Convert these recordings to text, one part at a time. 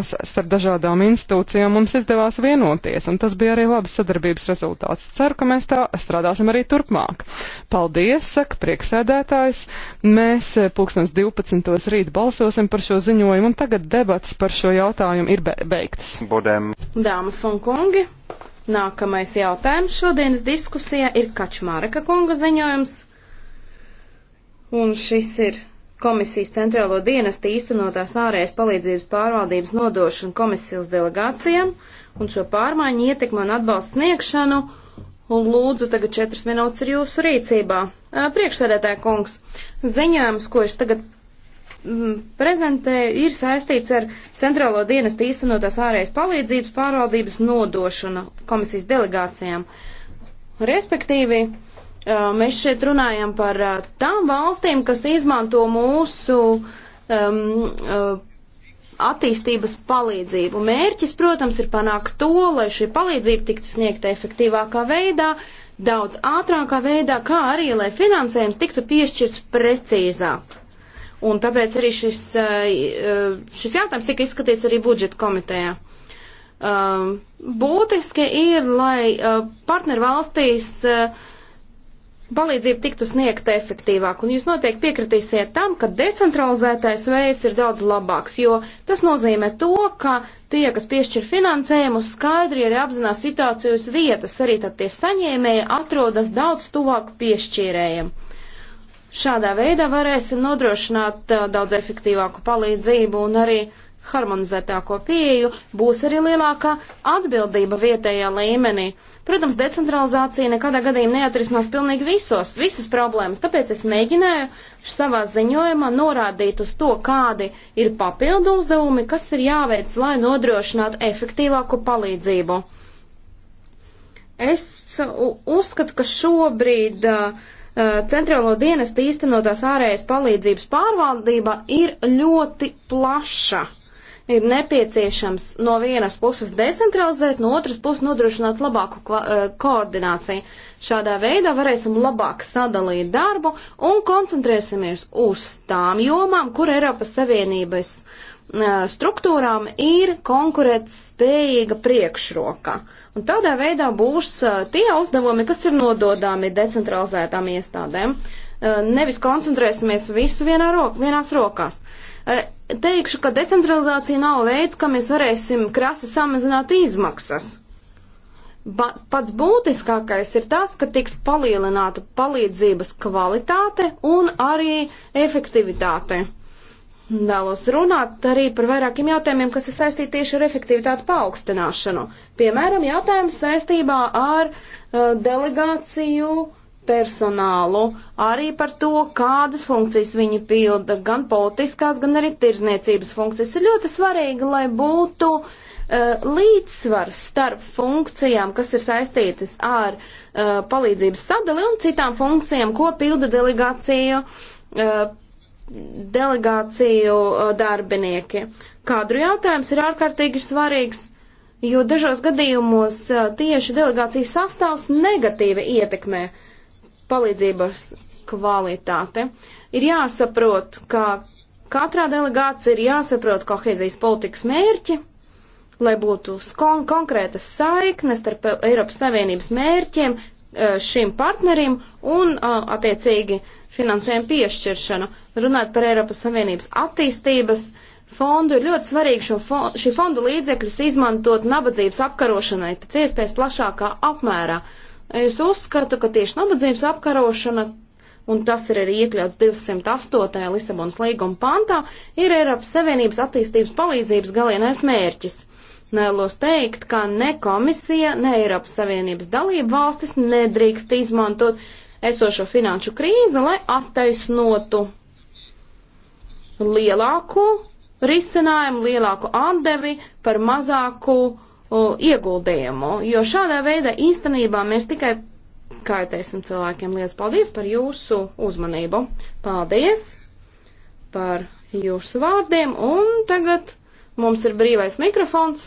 sarunās starp dažādām institūcijām mums izdevās vienoties, un tas bija arī labs sadarbības rezultāts. Ceru, ka mēs tā strādāsim arī turpmāk. Paldies, saka prieksēdētājs. Mēs eh, pulkstens 12. rīt balsosim par šo ziņojumu, un tagad debats par šo jautājumu ir be beigtas. Budem. Dāmas un kungi, nākamais jautājums šodienas diskusijā ir Kačmāreka kunga ziņojums, un šis ir komisijas centrālo dienestu īstenotās ārējās palīdzības pārvaldības nodošanu komisijas delegācijām un šo pārmaiņu ietekmi un atbalstu sniegšanu. Un lūdzu, tagad četras minūtes ir jūsu rīcībā. Priekšsēdētāja kungs, ziņojums, ko es tagad mm, prezentēju, ir saistīts ar centrālo dienestu īstenotās ārējas palīdzības pārvaldības nodošanu komisijas delegācijām. Respektīvi, Uh, mēs šeit runājam par uh, tām valstīm, kas izmanto mūsu um, uh, attīstības palīdzību. Mērķis, protams, ir panākt to, lai šī palīdzība tiktu sniegta efektīvākā veidā, daudz ātrākā veidā, kā arī, lai finansējums tiktu piešķirts precīzāk. Un tāpēc arī šis, šis jautājums tika izskatīts arī budžeta komitejā. Būtiski ir, lai partnervalstīs valstīs palīdzība tiktu sniegta efektīvāk. Un jūs noteikti piekritīsiet tam, ka decentralizētais veids ir daudz labāks, jo tas nozīmē to, ka tie, kas piešķir finansējumu, skaidri arī apzinās situāciju uz vietas, arī tad tie saņēmēji atrodas daudz tuvāk piešķīrējiem. Šādā veidā varēsim nodrošināt uh, daudz efektīvāku palīdzību un arī harmonizētāko pieeju, būs arī lielākā atbildība vietējā līmenī. Protams, decentralizācija nekādā gadījumā neatrisinās pilnīgi visos, visas problēmas, tāpēc es mēģināju savā ziņojumā norādīt uz to, kādi ir papildu uzdevumi, kas ir jāveic, lai nodrošinātu efektīvāku palīdzību. Es uzskatu, ka šobrīd uh, uh centrālo dienestu īstenotās ārējas palīdzības pārvaldība ir ļoti plaša. Uh, ir nepieciešams no vienas puses decentralizēt, no otras puses nodrošināt labāku ko e, koordināciju. Šādā veidā varēsim labāk sadalīt darbu un koncentrēsimies uz tām jomām, kur Eiropas Savienības e, struktūrām ir konkurēt spējīga priekšroka. Un tādā veidā būs e, tie uzdevumi, kas ir nododami decentralizētām iestādēm. Nevis koncentrēsimies visu vienā rok vienās rokās. Eh, teikšu, ka decentralizācija nav veids, kā mēs varēsim krasi samazināt izmaksas. Ba pats būtiskākais ir tas, ka tiks palielināta palīdzības kvalitāte un arī efektivitāte. Vēlos runāt arī par vairākiem jautājumiem, kas ir saistīti tieši ar efektivitāti paaugstināšanu. Piemēram, jautājums saistībā ar uh, delegāciju uh, personālu, arī par to, kādas funkcijas viņi pilda, gan politiskās, gan arī tirzniecības funkcijas. Ir ļoti svarīgi, lai būtu uh, līdzsvars starp funkcijām, kas ir saistītas ar uh, palīdzības sadali un citām funkcijām, ko pilda delegāciju, uh, delegāciju darbinieki. Kadru jautājums ir ārkārtīgi svarīgs jo dažos gadījumos tieši delegācijas sastāvs negatīvi ietekmē palīdzības kvalitāte. Ir jāsaprot, ka katrā delegācija ir jāsaprot kohēzijas politikas mērķi, lai būtu kon konkrētas saiknes starp Eiropas Savienības mērķiem e, šim partnerim un attiecīgi finansējumu piešķiršanu. Runāt par Eiropas Savienības attīstības fondu ir ļoti svarīgi šo fondu, šī fondu līdzekļus izmantot nabadzības apkarošanai pēc iespējas plašākā apmērā. Uh, Es uzskatu, ka tieši nabadzības apkarošana, un tas ir arī iekļauts 208. Lisabonas līguma pantā, ir Eiropas Savienības attīstības palīdzības galīgais mērķis. Nelos teikt, ka ne komisija, ne Eiropas Savienības dalība valstis nedrīkst izmantot esošo finanšu krīzi, lai attaisnotu lielāku risinājumu, lielāku atdevi par mazāku uh, ieguldījumu, jo šādā veidā īstenībā mēs tikai kaitēsim cilvēkiem. Lielas paldies par jūsu uzmanību. Paldies par jūsu vārdiem. Un tagad mums ir brīvais mikrofons.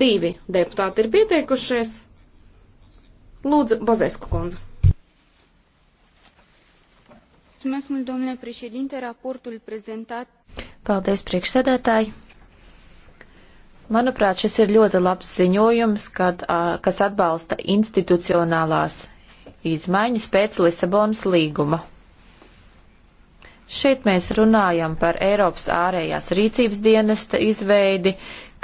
Divi deputāti ir pieteikušies. Lūdzu, Bazesku kundze. Mulțumesc mult, domnule președinte, raportul prezentat. Paldies, priekšsēdētāji. Manuprāt, šis ir ļoti labs ziņojums, kad, kas atbalsta institucionālās izmaiņas pēc Lisabonas līguma. Šeit mēs runājam par Eiropas ārējās rīcības dienesta izveidi,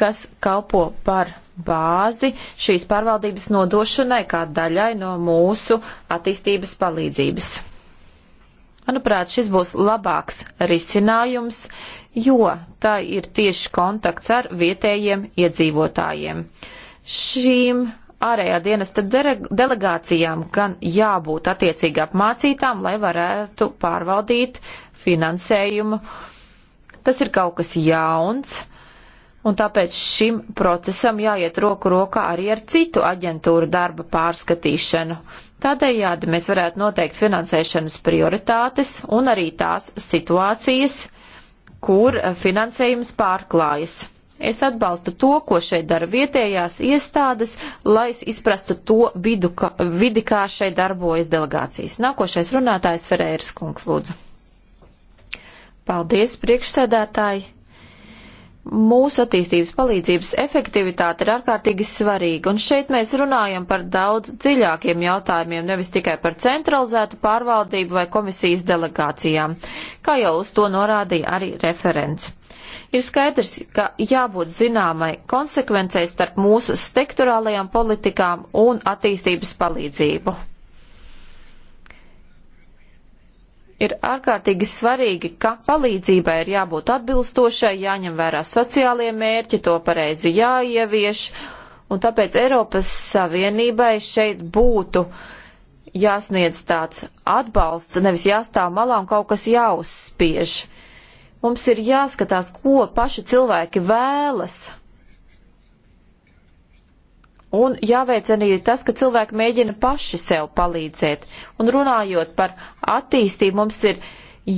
kas kalpo par bāzi šīs pārvaldības nodošanai kā daļai no mūsu attīstības palīdzības. Manuprāt, šis būs labāks risinājums, jo tā ir tieši kontakts ar vietējiem iedzīvotājiem. Šīm ārējā dienesta delegācijām gan jābūt attiecīgi apmācītām, lai varētu pārvaldīt finansējumu. Tas ir kaut kas jauns, un tāpēc šim procesam jāiet roku rokā arī ar citu aģentūru darba pārskatīšanu. Tādējādi mēs varētu noteikt finansēšanas prioritātes un arī tās situācijas, kur eh, finansējums pārklājas. Es atbalstu to, ko šeit dara vietējās iestādes, lai es izprastu to vidu, ka, vidi, kā šeit darbojas delegācijas. Nākošais runātājs Ferēras kungs, lūdzu. Paldies, priekšsēdētāji! mūsu attīstības palīdzības efektivitāte ir ārkārtīgi svarīga, un šeit mēs runājam par daudz dziļākiem jautājumiem, nevis tikai par centralizētu pārvaldību vai komisijas delegācijām, kā jau uz to norādīja arī referents. Ir skaidrs, ka jābūt zināmai konsekvencei starp mūsu sektorālajām politikām un attīstības palīdzību. ir ārkārtīgi svarīgi, ka palīdzībai ir jābūt atbilstošai, jāņem vērā sociālie mērķi, to pareizi jāievieš, un tāpēc Eiropas Savienībai šeit būtu jāsniedz tāds atbalsts, nevis jāstāv malā un kaut kas jāuzspiež. Mums ir jāskatās, ko paši cilvēki vēlas Un jāveic arī tas, ka cilvēki mēģina paši sev palīdzēt. Un runājot par attīstību, mums ir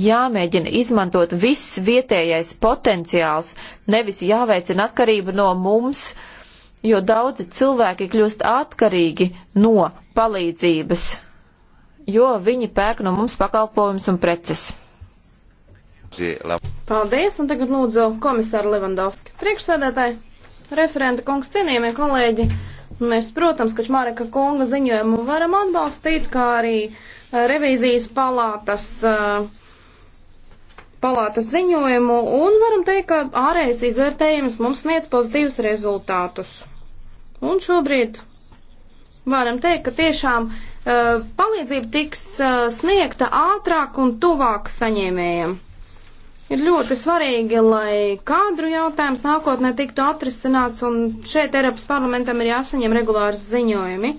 jāmēģina izmantot viss vietējais potenciāls, nevis jāveicina atkarība no mums, jo daudzi cilvēki kļūst atkarīgi no palīdzības, jo viņi pērk no mums pakalpojumus un preces. Paldies, un tagad lūdzu komisāru Levandovski. Priekšsēdētāji, referenta kungs, cienījamie kolēģi. Mēs, protams, ka Šmāreka kunga ziņojumu varam atbalstīt, kā arī revīzijas palātas, palātas ziņojumu, un varam teikt, ka ārējais izvērtējums mums sniedz pozitīvus rezultātus. Un šobrīd varam teikt, ka tiešām palīdzība tiks sniegta ātrāk un tuvāk saņēmējiem. Ir ļoti svarīgi, lai kadru jautājums nākotnē tiktu atrisināts, un šeit Eiropas parlamentam ir jāsaņem regulārs ziņojumi.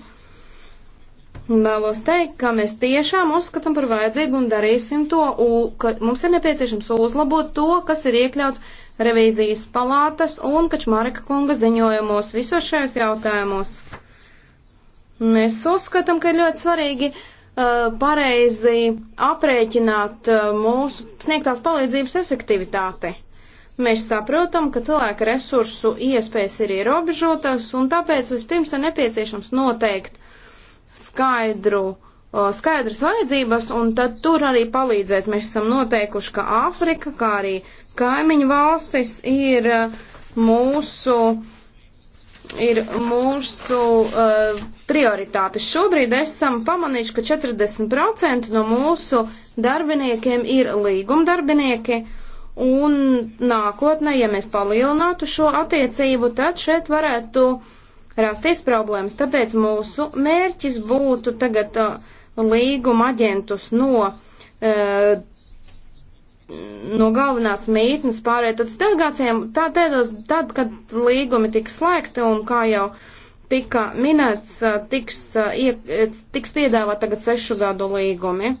Vēlos teikt, ka mēs tiešām uzskatām par vajadzīgu un darīsim to, u, ka mums ir nepieciešams uzlabot to, kas ir iekļauts revīzijas palātas un Kačmarika kunga ziņojumos visos šajos jautājumos. Mēs uzskatām, ka ir ļoti svarīgi uh, Uh, pareizi aprēķināt uh, mūsu sniegtās palīdzības efektivitāti. Mēs saprotam, ka cilvēka resursu iespējas ir ierobežotas, un tāpēc vispirms ir nepieciešams noteikt skaidru, skaidras vajadzības, un tad tur arī palīdzēt. Mēs esam noteikuši, ka Āfrika, kā arī kaimiņu valstis ir uh, mūsu uh, ir mūsu uh, eh, prioritātes. Šobrīd esam pamanījuši, ka 40% no mūsu darbiniekiem ir līgumdarbinieki, un nākotnē, ja mēs palielinātu šo attiecību, tad šeit varētu rasties problēmas. Tāpēc mūsu mērķis būtu tagad uh, līguma aģentus no uh, no galvenās mītnes pārējai tad delegācijām, tā tēdos, tad, kad līgumi tiks slēgti un kā jau tika minēts, tiks, iek, tiks piedāvāt tagad sešu gadu līgumi.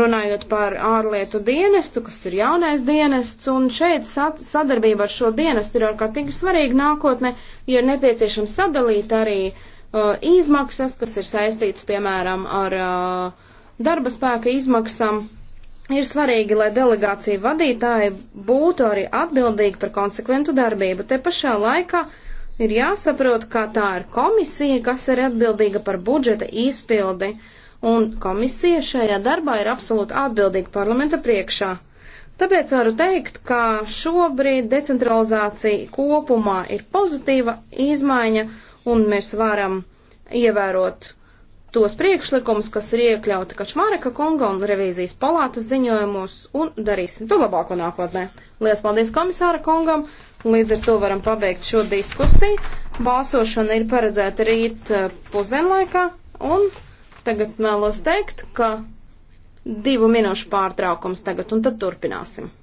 Runājot par ārlietu dienestu, kas ir jaunais dienests, un šeit sadarbība ar šo dienestu ir ārkārtīgi svarīga nākotnē, jo ir nepieciešams sadalīt arī uh, izmaksas, kas ir saistīts, piemēram, ar uh, darba spēka izmaksām Ir svarīgi, lai delegācija vadītāji būtu arī atbildīgi par konsekventu darbību. Te pašā laikā ir jāsaprot, ka tā ir komisija, kas ir atbildīga par budžeta izpildi, un komisija šajā darbā ir absolūti atbildīga parlamenta priekšā. Tāpēc varu teikt, ka šobrīd decentralizācija kopumā ir pozitīva izmaiņa, un mēs varam ievērot tos priekšlikumus, kas ir iekļauti Kačmāreka kunga un revīzijas palātas ziņojumos, un darīsim to labāko nākotnē. Lielas paldies komisāra kungam, līdz ar to varam pabeigt šo diskusiju. Balsošana ir paredzēta rīt eh, pusdienlaikā, un tagad vēlos teikt, ka divu minūšu pārtraukums tagad, un tad turpināsim.